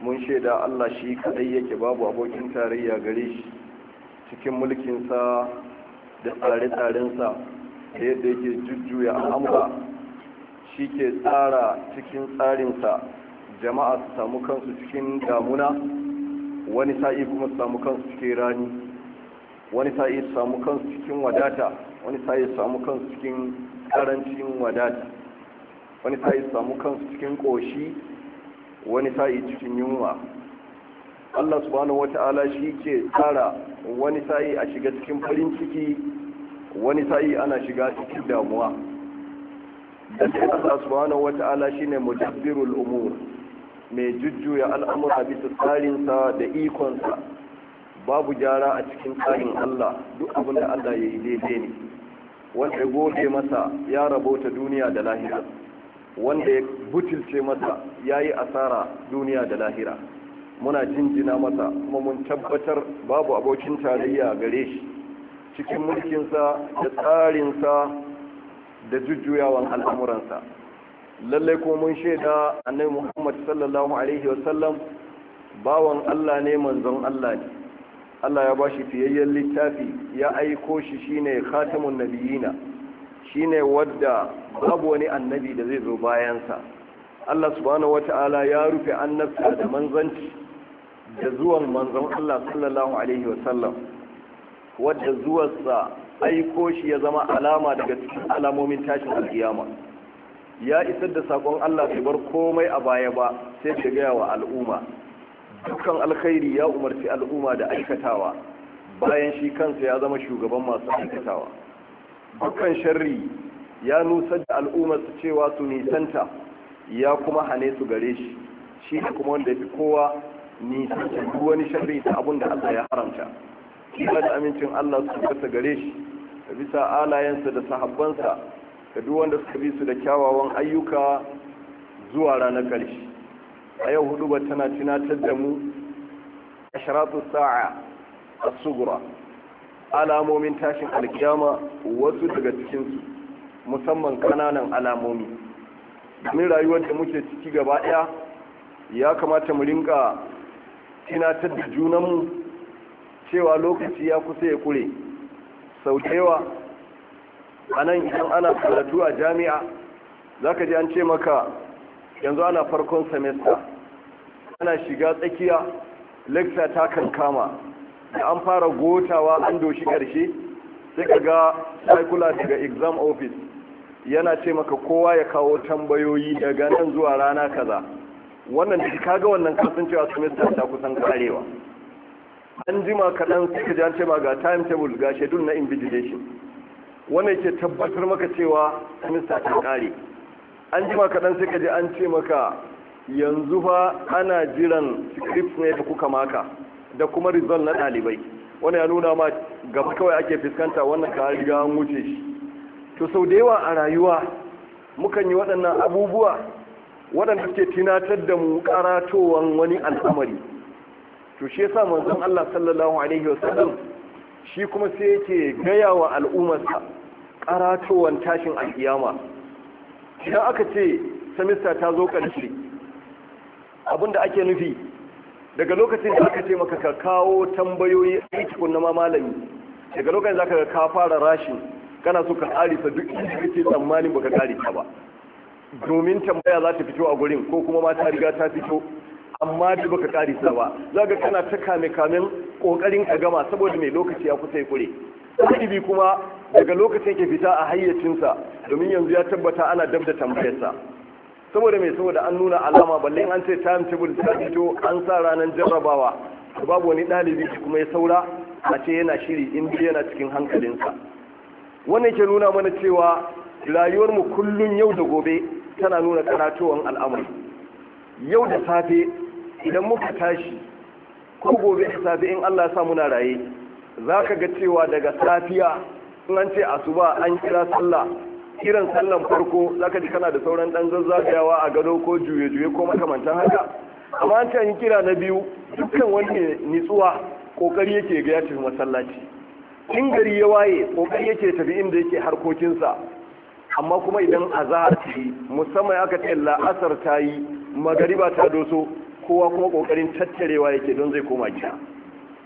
mun shaida Allah shi kadai yake babu abokin tarayya gare shi cikin mulkinsa da tsare-tsarensa da yadda yake jujjuya al'amura shi ke tsara cikin tsarinsa jama'a su samu kansu cikin damuna wani sa'i kuma su samu kansu cikin rani wani sa'i su samu kansu cikin wadata wani sa'i su samu kansu cikin karancin wadata wani sa'i su samu kansu cikin ƙoshi wani sa'i cikin yunwa Allah subhanahu wata'ala shi ke tsara wani sa'i a shiga cikin farin ciki wani sa'i ana shiga cikin damuwa da ke Allah subhanahu wata'ala shi ne mudabbirul umur mai jujjuya al'amura bisa tsarinsa da ikonsa babu gyara a cikin tsarin Allah duk abin da Allah ya yi daidai ne wanda ya goge masa ya rabota duniya da lahira wanda ya butulce masa ya yi asara duniya da lahira muna jinjina masa kuma mun tabbatar babu abokin tarayya gare shi cikin mulkinsa da tsarinsa da jujjuyawan al'amuransa lallai kuma mun shaida annai muhammad sallallahu alaihi wasallam bawan allah ne manzon allah ne allah ya ba shi fiyayyen littafi ya aiko shi shine khatamun nabiyina shine wadda babu wani annabi da zai zo bayansa Allah subhanahu wata'ala ya rufe annabta da manzanci da zuwan manzon Allah sallallahu alaihi wasallam wadda zuwarsa aiko shi ya zama alama daga cikin alamomin tashin alkiyama ya isar da sakon Allah bai bar komai a baya ba sai ya gaya wa al'umma dukkan alkhairi ya umarci al'umma da aikatawa bayan shi kansa ya zama shugaban masu aikatawa dukkan sharri ya nusar da al'ummar su cewa su nisanta ya kuma hane su gare shi shi ne kuma wanda ya fi kowa nisanta duk wani sharri ta abin da Allah ya haramta kila da amincin Allah su kasa gare shi da bisa alayensa da sahabbansa da duk wanda suka bi su da kyawawan ayyuka zuwa ranar ƙarshe a yau hudu ba tana tunatar da mu ashratu sa'a as-sughra alamomin tashin alkyama wasu daga cikinsu musamman kananan alamomi domin rayuwar da muke ciki gaba ɗaya ya kamata mu rinka tunatar da junanmu cewa lokaci ya kusa ya kure sau da yawa a nan idan ana karatu a jami'a za ka ji an ce maka yanzu ana farkon semester ana shiga tsakiya lecture ta kankama da an fara gotawa an doshi ƙarshe sai ka ga circular daga exam office yana ce maka kowa ya kawo tambayoyi daga nan zuwa rana kaza wannan da ka ga wannan kasancewa semester ta kusan karewa an jima kaɗan suka ji an ce ma ga timetable ga schedule na invigilation wanda yake tabbatar maka cewa semester ta kare an jima kaɗan suka ji an ce maka yanzu fa ana jiran scripts ne da kuka maka da kuma result na ɗalibai wanda ya nuna ma gaba kawai ake fuskanta wannan ka riga an wuce shi to sau da yawa a rayuwa mukan yi waɗannan abubuwa waɗanda ke tunatar da mu ƙaratowar wani al'amari to shi yasa manzon Allah sallallahu alaihi wasallam shi kuma sai yake gaya wa al'ummarsa ƙaratowar tashin alkiyama idan aka ce Samista ta zo ƙarshe abinda ake nufi daga lokacin da aka ce maka ka kawo tambayoyi aiki kunna na malami daga lokacin da ka ka fara rashin kana so ka karisa duk inda kake tsammanin baka karisa ba domin tambaya za ta fito a gurin ko kuma ma ta riga ta fito amma da baka karisa ba za ga kana ta kame kamen kokarin ka gama saboda mai lokaci ya kusa ya kure ɗalibi kuma daga lokacin ke fita a hayyacinsa domin yanzu ya tabbata ana dabda da tambayarsa saboda mai saboda an nuna alama balle an ce time table ta fito an sa ranar jarrabawa babu wani ɗalibi kuma ya saura a ce yana shiri in yana cikin hankalinsa wannan ke nuna mana cewa mu kullum yau da gobe tana nuna karatuwan al'amari yau da safe idan muka tashi ko gobe da safe in Allah sa muna raye za ka ga cewa daga safiya in an ce asuba an kira sallah kiran sallan farko za ka ji kana da sauran ɗan zazzagawa a gado ko juye-juye ko makamantan haka amma an ce an kira na biyu dukkan wani nitsuwa kokari yake ga ya tafi masallaci in gari ya waye kokari yake tafi inda yake harkokinsa amma kuma idan a ta musamman aka ce la'asar ta yi magariba ta doso kowa kuma kokarin tattarewa yake don zai koma gida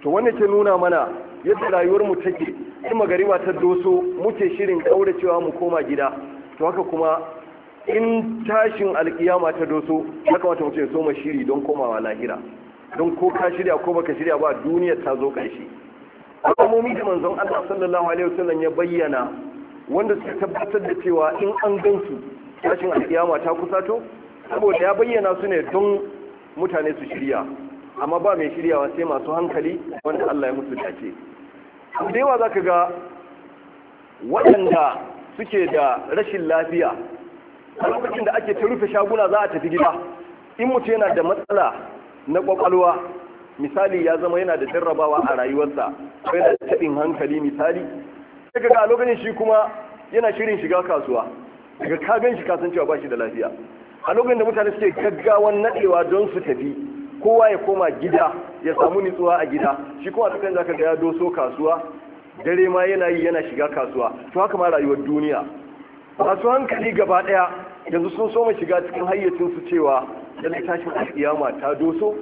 to wanda ke nuna mana yadda rayuwar mu take in magariba ta doso muke shirin kaura cewa mu koma gida to haka kuma in tashin alkiyama ta doso ya kamata mu ce so shiri don komawa lahira don ko ka shirya ko baka shirya ba duniyar ta zo ƙarshe alamomi da manzon Allah sallallahu alaihi wasallam ya bayyana wanda suka tabbatar da cewa in an gansu tashin alkiyama ta to? saboda ya bayyana su ne don mutane su shirya amma ba mai shiryawa sai masu hankali wanda Allah ya musu dace da yawa zaka ga waɗanda suke da rashin lafiya a lokacin da ake ta rufe shaguna za a tafi gida in mutum yana da matsala na kwakwalwa misali ya zama yana da jarrabawa a rayuwarsa ko da taɓin hankali misali daga ga lokacin shi kuma yana shirin shiga kasuwa daga ka gan shi kasancewa ba shi da lafiya a lokacin da mutane suke gaggawan naɗewa don su tafi kowa ya koma gida ya samu nutsuwa a gida shi kuma a zaka ga ya doso kasuwa dare ma yana yi yana shiga kasuwa to haka ma rayuwar duniya masu hankali gaba ɗaya yanzu sun soma shiga cikin hayyacin su cewa lallai tashin alƙiyama ta doso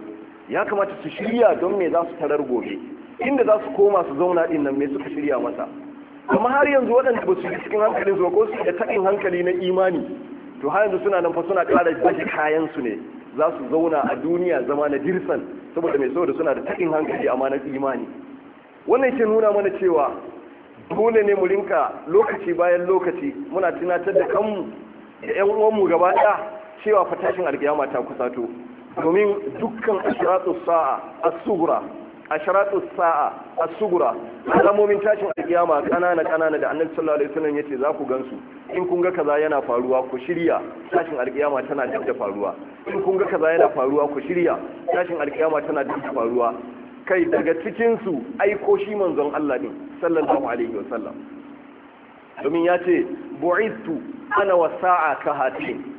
ya kamata su shirya don me za su tarar gobe inda za su koma su zauna din nan me suka shirya masa kuma har yanzu waɗanda ba su yi cikin hankalin su ko su yi taɗin hankali na imani to har yanzu suna nan fa suna ƙara baje kayan su ne za su zauna a duniya zama na dirsan saboda mai saboda suna da taɗin hankali amma na imani wannan ke nuna mana cewa dole ne mu rinka lokaci bayan lokaci muna tunatar da kanmu da 'yan uwanmu gaba ɗaya cewa fatashin alƙiyama ta kusato domin dukkan ashiratu sa'a as-sughra ashiratu sa'a as-sughra alamomin tashin alkiyama kanana kanana da annabi sallallahu alaihi wasallam yace za ku gansu in kun ga kaza yana faruwa ku shirya tashin alkiyama tana duk da faruwa in kun ga kaza yana faruwa ku shirya tashin alkiyama tana duk da faruwa kai daga cikin su aiko shi manzon Allah din sallallahu alaihi wasallam domin yace bu'ithu ana wasa'a ka hatin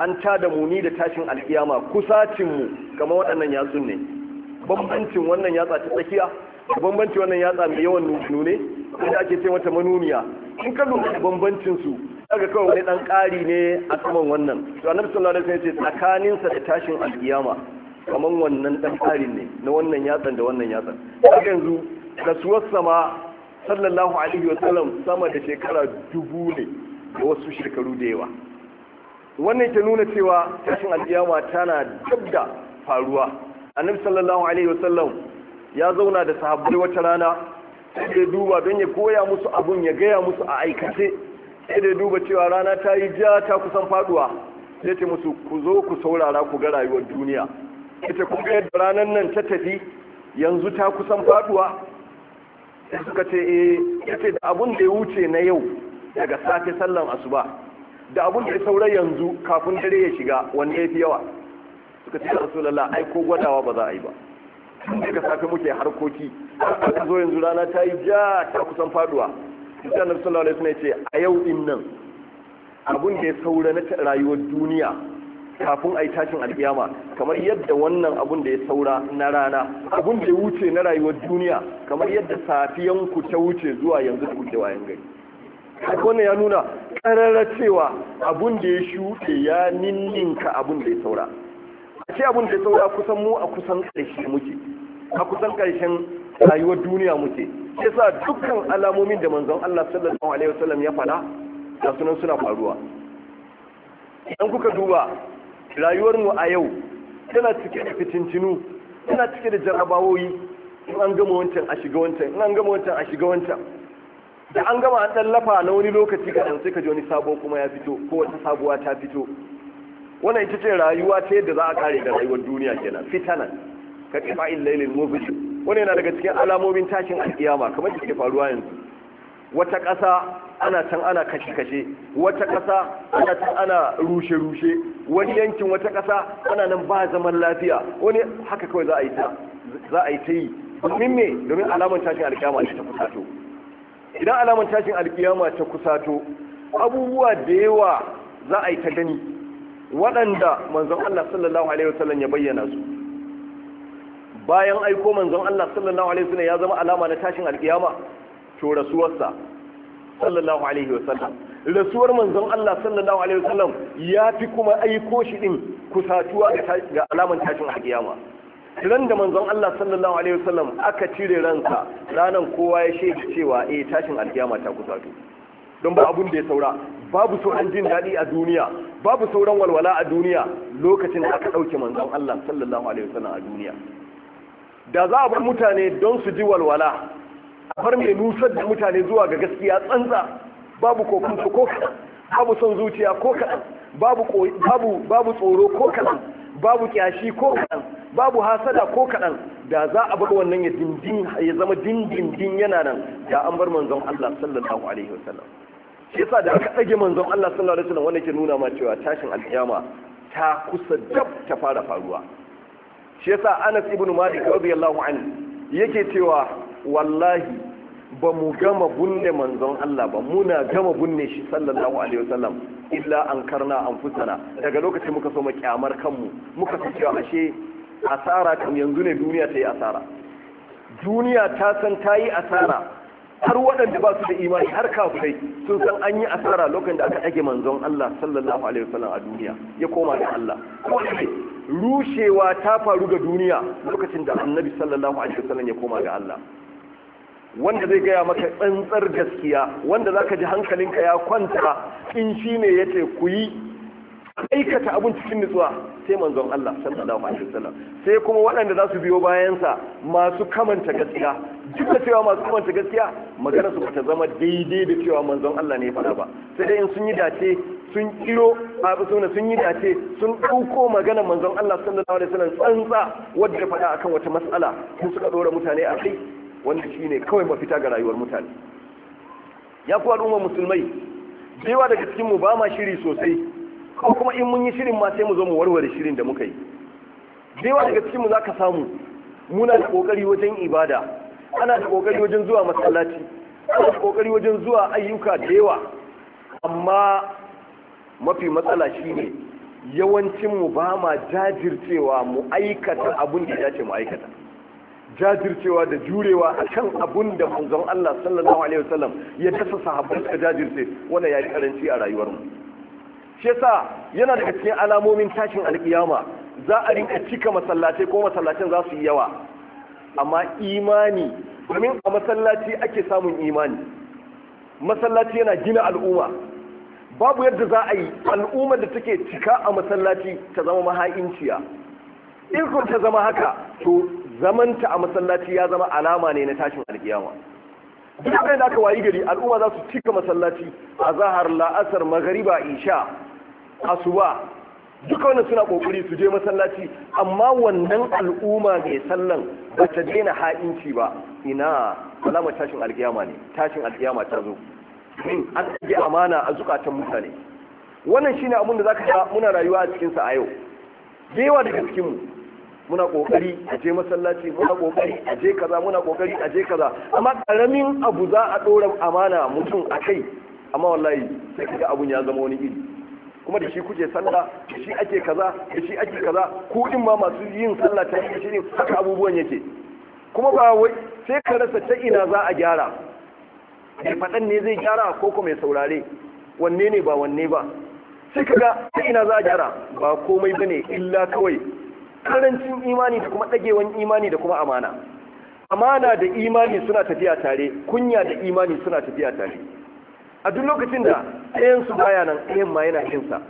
an ta da muni da tashin alkiyama kusacinmu kamar waɗannan yatsun ne bambancin wannan yatsa ta tsakiya da bambancin wannan yatsa mai yawan nune inda ake ce mata manuniya in ka lura da bambancin su daga kawai wani dan ƙari ne a saman wannan to annabi sallallahu alaihi wasallam ya ce tsakaninsa da tashin alkiyama kamar wannan dan ƙari ne na wannan yatsan da wannan yatsan daga yanzu rasuwar sama sallallahu alaihi wasallam sama da shekara dubu ne da wasu shekaru da yawa wannan ke nuna cewa tashin alkiyama tana dab da faruwa annabi sallallahu alaihi wasallam ya zauna da sahabbai wata rana sai da duba don ya koya musu abun ya gaya musu a aikace sai da duba cewa rana ta yi ja ta kusan faduwa sai ta musu ku zo ku saurara ku ga rayuwar duniya ita kun ga yadda ranar nan ta tafi yanzu ta kusan faduwa sai suka ce eh da abun da ya wuce na yau daga safe sallan asuba da abun da ya saura yanzu kafin dare ya shiga wanne ya fi yawa suka ce da ai ko gwadawa ba za a yi ba ka safe muke harkoki aka zo yanzu rana ta yi ja ta kusan faduwa sai da rasulallah alaihi suna ce a yau din nan abun da ya saura na rayuwar duniya kafin a yi tashin alkiyama kamar yadda wannan abun da ya saura na rana abun da ya wuce na rayuwar duniya kamar yadda safiyanku ta wuce zuwa yanzu da wuce wayan gari wannan ya nuna ƙararra cewa abun da ya shuɗe ya ninninka abun da ya saura a ce abun da ya saura kusan mu a kusan ƙarshe muke a kusan ƙarshen rayuwar duniya muke sai sa dukkan alamomin da manzon Allah sallallahu alaihi wasallam ya fada da sunan suna faruwa idan kuka duba rayuwar mu a yau tana cike da fitintinu tana cike da jarabawoyi in an gama wancan a shiga wancan in an gama wancan a shiga wancan da an gama an tallafa na wani lokaci kaɗan sai ka ji wani sabo kuma ya fito ko wata sabuwa ta fito wannan ita ce rayuwa ta yadda za a kare ga rayuwar duniya kenan fitana ka kifa in lailin wani yana daga cikin alamomin tashin alkiyama kamar da faruwa yanzu wata ƙasa ana can ana kashe-kashe wata ƙasa ana can ana rushe-rushe wani yankin wata ƙasa ana nan ba zaman lafiya wani haka kawai za a yi ta yi domin me domin alamar tashin alkiyama ne ta fusato idan alamun tashin alkiyama ta kusato abubuwa da yawa za a yi ta gani waɗanda manzon Allah sallallahu alaihi wasallam ya bayyana su bayan aiko manzon Allah sallallahu alaihi wasallam ya zama alama na tashin alkiyama to rasuwarsa sallallahu alaihi wasallam rasuwar manzon Allah sallallahu alaihi wasallam ya fi kuma aiko shi din kusatuwa ga alaman tashin alkiyama ran da manzon Allah sallallahu alaihi wasallam aka cire ransa ranan kowa ya shaida cewa eh tashin alkiyama ta kusato don ba abun da ya saura babu sauran jin daɗi a duniya babu sauran walwala a duniya lokacin da aka dauke manzon Allah sallallahu alaihi wasallam a duniya da za a bar mutane don su ji walwala a bar mai nusar da mutane zuwa ga gaskiya tsantsa babu kokunsu ko kaɗan babu son zuciya ko kaɗan babu tsoro ko kaɗan babu kyashi ko kaɗan babu hasada ko kaɗan da za a bar wannan ya dindin ya zama dindindin yana nan da an bar manzon Allah sallallahu alaihi wasallam shi yasa da aka dage manzon Allah sallallahu alaihi wasallam wanda ke nuna ma cewa tashin alkiyama ta kusa dab ta fara faruwa shi yasa Anas ibn Malik radiyallahu anhu yake cewa wallahi ba mu gama bunne manzon Allah ba muna gama bunne shi sallallahu alaihi wasallam illa an karna an fusana daga lokacin muka so mu kyamar kanmu muka so cewa ashe asara kan yanzu ne duniya ta yi asara duniya ta san ta yi asara har waɗanda ba su da imani har kafirai sun san an yi asara lokacin da aka dage manzon Allah sallallahu alaihi wasallam a duniya ya koma ga Allah rushewa ta faru ga duniya lokacin da annabi sallallahu alaihi wasallam ya koma ga Allah wanda zai gaya maka tsantsar gaskiya wanda za ka ji hankalinka ya kwanta in shine ce ku yi aikata abin cikin nutsuwa sai manzon Allah sallallahu alaihi wasallam sai kuma waɗanda za su biyo bayansa masu kamanta gaskiya duk da cewa masu kamanta gaskiya magana su bata zama daidai da cewa manzon Allah ne fara ba sai dai in sun yi dace sun kiro abu sun yi dace sun ɗauko magana manzon Allah sallallahu alaihi wasallam tsantsa wadda faɗa akan wata mas'ala sun suka dora mutane a kai wanda ne kawai mafita ga rayuwar mutane ya fi al'ummar musulmai cewa daga cikinmu ba ma shiri sosai ko kuma in mun yi shirin ma sai mu zo mu warware shirin da muka yi Cewa daga cikin mu ka samu muna da ƙoƙari wajen ibada ana da ƙoƙari wajen zuwa masallaci ana da ƙoƙari wajen zuwa ayyuka da yawa amma mafi matsala shi ne, yawancinmu ba ma jajircewa mu aikata abin da ya ce mu aikata jajircewa da jurewa a kan abun da manzon Allah sallallahu alaihi wasallam ya dasa sahabbai suka jajirce wanda ya yi karanci a rayuwarmu shi yasa yana daga cikin alamomin tashin alkiyama za a rinka cika masallatai ko masallacin za su yi yawa amma imani domin a masallaci ake samun imani masallaci yana gina al'umma babu yadda za a yi al'ummar da take cika a masallaci ta zama mahainciya in kun ta zama haka to zamanta a masallaci ya zama alama ne na tashin alkiyama duk da aka wayi gari al'umma za su cika masallaci a zahar la'asar magariba isha asuba duka wannan suna kokari su je masallaci amma wannan al'umma mai sallan ba ta daina ha'inci ba ina alamar tashin alkiyama ne tashin alkiyama ta zo an ɗage amana a zukatan mutane wannan shine abin da zaka ga muna rayuwa a cikin sa a yau da yawa daga cikin mu muna kokari a je masallaci muna kokari a je kaza muna kokari a je kaza amma karamin abu za a dora amana mutum a kai amma wallahi sai kaga abun ya zama wani iri kuma da shi kuke sallah da shi ake kaza da shi ake kaza ku din ma masu yin sallah ta shi ne haka abubuwan yake kuma ba wai sai ka rasa ta ina za a gyara mai faɗan ne zai gyara ko kuma mai saurare wanne ne ba wanne ba sai kaga ta ina za a gyara ba komai bane illa kawai karancin imani da kuma ɗagewan imani da kuma amana amana da imani suna tafiya tare kunya da imani suna tafiya tare a duk lokacin da ɗayansu baya nan ɗayan ma yana jinsa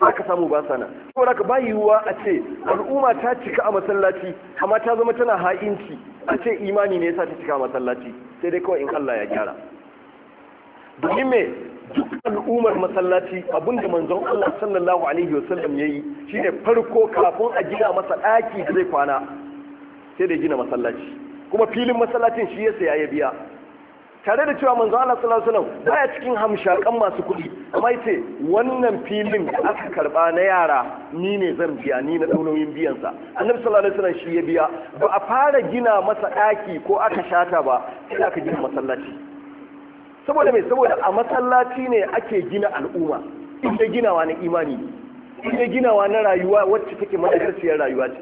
aka samu ba sana ko da ba yiwuwa a ce al'umma ta cika a masallaci amma ta zama tana ha'inci a ce imani ne ya sa ta cika a masallaci sai dai kawai in Allah ya gyara domin me duk al'ummar masallaci abinda manzon Allah sallallahu alaihi wasallam yayi shine farko kafin a gina masa daki da zai kwana sai da gina masallaci kuma filin masallacin shi ya saya biya tare da cewa manzon Allah sallallahu alaihi wasallam baya cikin hamshakan masu kuɗi amma yace wannan filin da aka karba na yara ni ne zan biya ni na daunoyin biyan sa annabi sallallahu alaihi wasallam shi ya biya ba a fara gina masa daki ko aka shata ba sai aka gina masallaci saboda mai saboda a masallaci ne ake gina al'umma inda ginawa na imani inda ginawa na rayuwa wacce take madadarciyar rayuwa ce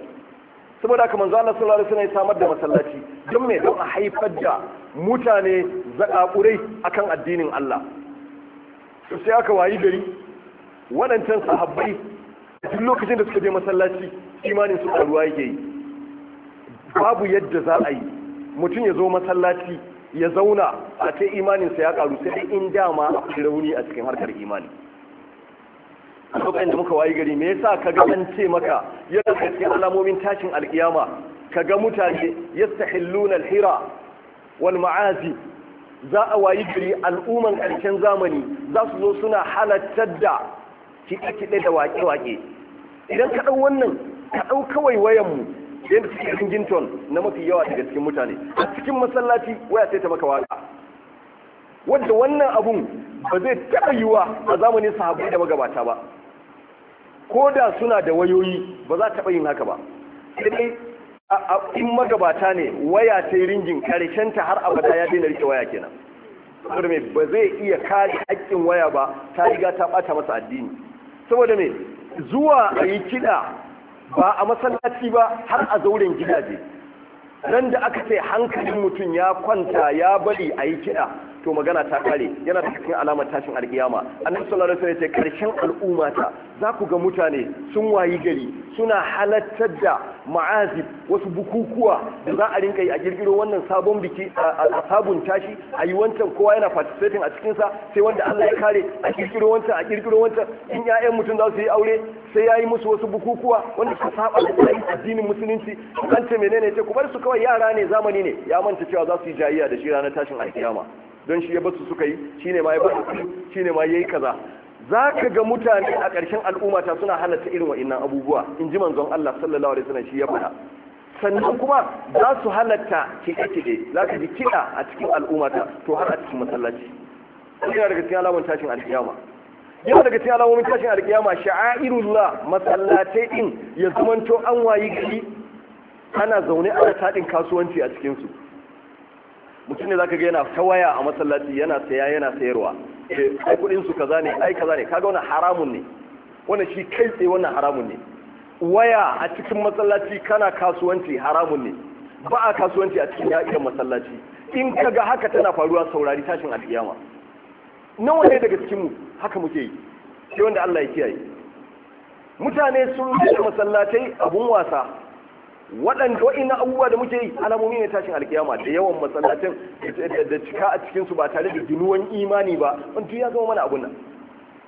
saboda haka manzo Allah sallallahu alaihi wasallam ya samar da masallaci don me don a haifar da mutane zakakurai akan addinin Allah sai aka wayi gari waɗancan sahabbai duk lokacin da suka je masallaci imanin su ƙaruwa yake babu yadda za a yi mutum ya zo masallaci ya zauna a ce imaninsa ya karu sai in dama akwai rauni a cikin harkar imani a lokacin da muka wayi gari me yasa ka ga an ce maka yana daga cikin alamomin tashin alkiyama ka ga mutane yastahilluna alhira wal ma'azi za a wayi gari al'umman ƙarshen zamani za su zo suna halattar da kiɗe-kiɗe da waƙe-waƙe idan ka ɗau wannan ka ɗau kawai wayanmu sai da suke ton na mafi yawa daga cikin mutane a cikin masallaci waya sai ta maka waka Wadda wannan abun ba zai taɓa yiwa a zamanin sahabbai da magabata ba ko da suna da wayoyi ba za taɓa yin haka ba sai dai in magabata ne waya sai ringin karshen ta har abada ya daina rike waya kenan saboda me ba zai iya kare haƙƙin waya ba ta riga ta ɓata masa addini saboda me zuwa a yi kiɗa ba a masallaci ba har a zauren gidaje nan da aka ce hankalin mutum ya kwanta ya bari a yi kiɗa to magana ta kare yana da cikin alamar tashin alkiyama annabi sallallahu alaihi wasallam ya ce karshen al'ummata za ku ga mutane sun wayi gari suna halattar da ma'azib wasu bukukuwa da za a rinka yi a girgiro wannan sabon biki a sabon tashi a yi wancan kowa yana participating a cikinsa sai wanda Allah ya kare a girgiro wancan a girgiro wancan in ƴaƴan mutum za su yi aure sai ya yi musu wasu bukukuwa wanda ka saba da tsayin addinin musulunci an ce menene ce ku bar su kawai yara ne zamani ne ya manta cewa za su yi jayayya da shi ranar tashin alkiyama don shi ya basu suka yi shi ne ma ya basu shi ne ma ya yi kaza za ka ga mutane a ƙarshen ta suna halatta irin wa'innan abubuwa in ji manzon Allah sallallahu alaihi wasallam shi ya faɗa sannan kuma za su halatta kike-kike za ka ji kiɗa a cikin ta to har a cikin masallaci yana daga cikin alamun tashin alƙiyama yana daga cikin alamomin tashin alƙiyama sha'airullah masallatai din ya zamanto an wayi gari ana zaune ana taɗin kasuwanci a cikinsu mutum ne zaka ga yana ta waya a masallaci yana saya yana sayarwa eh, ai kudin su kaza ne ai kaza ne kaga wannan haramun ne wannan shi kai tsaye wannan haramun ne waya a cikin masallaci kana kasuwanci haramun ne ba a kasuwanci a cikin yaƙin masallaci in ga haka tana faruwa saurari tashin alkiyama nawa ne daga cikin mu haka muke yi sai wanda Allah ya kiyaye mutane sun rushe masallatai abun wasa waɗanda abubuwa da muke yi alamomi ne tashin alkiyama da yawan masallacin da cika a cikinsu ba tare da ginuwan imani ba wanda ya zama mana abun nan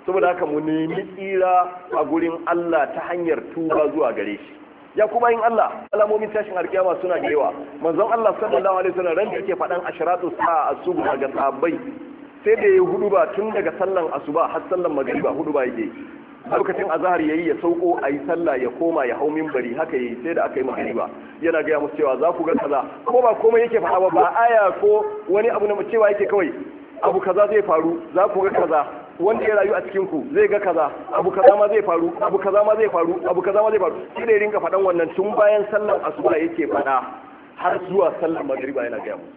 saboda haka mu nemi tsira a gurin Allah ta hanyar tuba zuwa gare shi ya kuma yin Allah alamomin tashin alkiyama suna da yawa manzon Allah sallallahu alaihi wasallam ran da yake faɗan ashratu sa'a asubu daga sahabbai sai da ya hudu ba tun daga sallan asuba har sallan magriba hudu ba yake lokacin azhar yayi ya sauko yi sallah ya koma ya hau minbari haka yayi sai da aka yi magriba yana gaya musu cewa za ku ga kaza ko ba komai yake faɗa ba aya ko wani abu na cewa yake kawai abu kaza zai faru za ku ga kaza wanda ya rayu a cikin ku zai ga kaza abu kaza ma zai faru abu kaza ma zai faru abu kaza ma zai faru shi ne rinka faɗan wannan tun bayan sallar asuba yake faɗa har zuwa sallar magriba yana gaya musu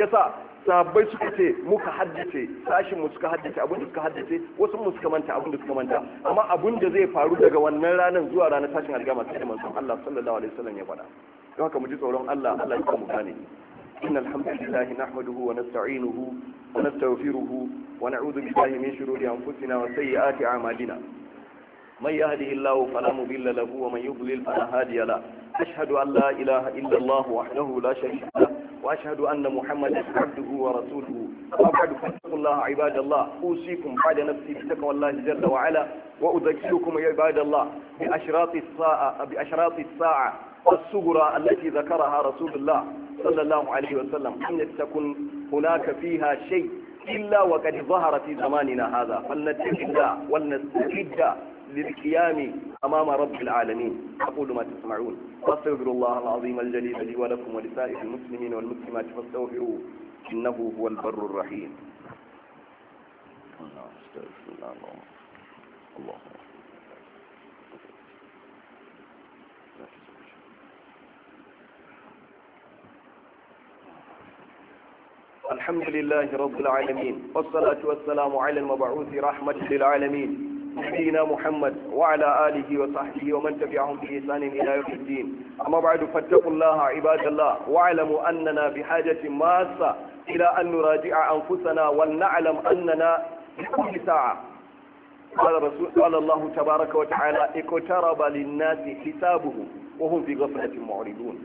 yasa sahabbai suka ce muka haddace sashin mu suka haddace abin da suka haddace wasu mu suka manta abin da suka manta amma abin da zai faru daga wannan ranar zuwa ranar sashin alƙama sai da manzon Allah sallallahu alaihi wasallam ya faɗa don haka mu ji tsoron Allah Allah ya mu gane wa nasta'inuhu wa nastaghfiruhu wa na'udhu billahi min shururi anfusina wa sayyiati a'malina من يهده الله فلا مضل له ومن يضلل فلا هادي له أشهد أن لا إله إلا الله وحده لا شريك له وأشهد أن محمدا عبده ورسوله وبعد فاتقوا الله عباد الله أوصيكم بعد نفسي بتقوى الله جل وعلا وأذكركم يا عباد الله بأشراط الساعة بأشراط الساعة الصغرى التي ذكرها رسول الله صلى الله عليه وسلم أن تكن هناك فيها شيء إلا وقد ظهر في زماننا هذا فلنتق الله ولنستعد للقيام أمام رب العالمين أقول ما تسمعون واستغفر الله العظيم الجليل لي ولكم ولسائر المسلمين والمسلمات فاستغفروه إنه هو البر الرحيم الله الحمد لله رب العالمين والصلاة والسلام على المبعوث رحمة للعالمين نبينا محمد وعلى آله وصحبه ومن تبعهم بإحسان إلى يوم الدين أما بعد فاتقوا الله عباد الله واعلموا أننا بحاجة ماسة إلى أن نراجع أنفسنا ولنعلم أننا بكل ساعة قال رسول قال الله تبارك وتعالى اقترب للناس حسابهم وهم في غفلة معرضون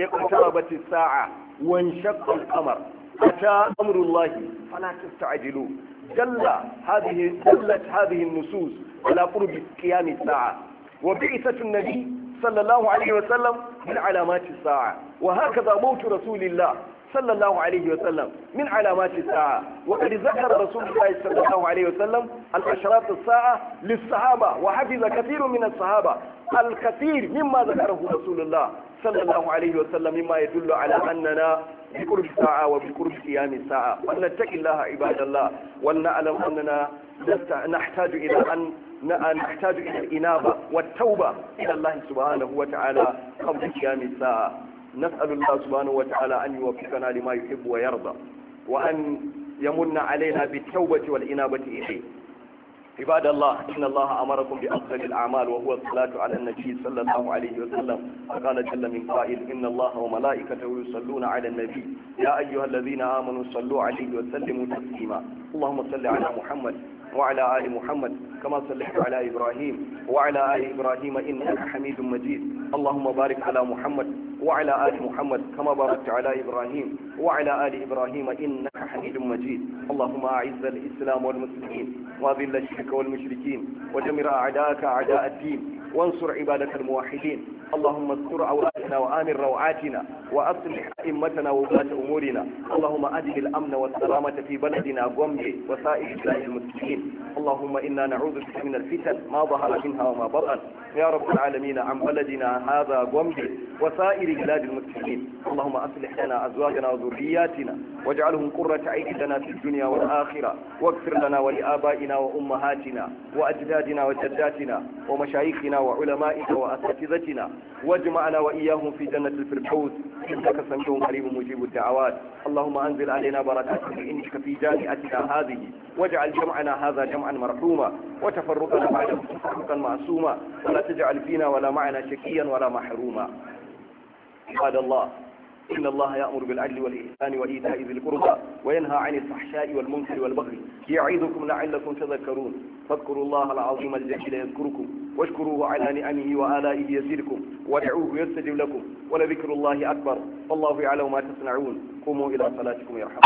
اقتربت الساعة وانشق القمر أتى أمر الله فلا تستعجلوه دل هذه دلت هذه النصوص على قرب قيام الساعة وبعثة النبي صلى الله عليه وسلم من علامات الساعة وهكذا موت رسول الله صلى الله عليه وسلم من علامات الساعة وقد ذكر رسول الله صلى الله عليه وسلم الأشراط الساعة للصحابة وحفظ كثير من الصحابة الكثير مما ذكره رسول الله صلى الله عليه وسلم مما يدل على أننا بقرب ساعة وبقرب قيام الساعة فلنتقي الله عباد الله ولنعلم أننا نحتاج إلى أن نحتاج إلى الإنابة والتوبة إلى الله سبحانه وتعالى قبل قيام الساعة نسأل الله سبحانه وتعالى أن يوفقنا لما يحب ويرضى وأن يمن علينا بالتوبة والإنابة إليه عباد الله إن الله أمركم بأفضل الأعمال وهو الصلاة على النبي صلى الله عليه وسلم فقال جل من قائل إن الله وملائكته يصلون على النبي يا أيها الذين آمنوا صلوا عليه وسلموا تسليما اللهم صل على محمد وعلى آل محمد كما صلحت على إبراهيم وعلى آل إبراهيم إنك حميد مجيد اللهم بارك على محمد wa ala ali muhammad kama baraka ala ibrahim wa ala ali ibrahim innaka hamidum majid allahumma a'iz al islam wal muslimin wa dhil al shirk wal mushrikin wa jamir a'daka a'da al din wa ansur ibadak al muwahhidin allahumma zkur awratana wa amir raw'atina wa aslih immatana wa ulat umurina allahumma ajib al amn wa salamat fi baladina gombe wa sa'id al ahl muslimin allahumma inna na'udhu bika min fitan ma dhahara minha wa ma bathana ya rabb al alamin am baladina hadha gombe وسائر بلاد المسلمين اللهم أصلح لنا أزواجنا وذرياتنا واجعلهم قرة عين لنا في الدنيا والآخرة واغفر لنا ولآبائنا وأمهاتنا وأجدادنا وجداتنا ومشايخنا وعلمائنا وأساتذتنا واجمعنا وإياهم في جنة الفردوس إنك سميع قريب مجيب الدعوات اللهم أنزل علينا بركاتك إنك في جامعتنا هذه واجعل جمعنا هذا جمعا مرحوما وتفرقنا بعده تفرقا معصوما ولا تجعل فينا ولا معنا شكيا ولا محروما عباد الله إن الله يأمر بالعدل والإحسان وإيتاء ذي القربى وينهى عن الفحشاء والمنكر والبغي يعظكم لعلكم تذكرون فاذكروا الله العظيم الجليل يذكركم واشكروه على نعمه وآلائه يزدكم ودعوه يستجب لكم ولذكر الله أكبر والله يعلم ما تصنعون قوموا إلى صلاتكم يرحمكم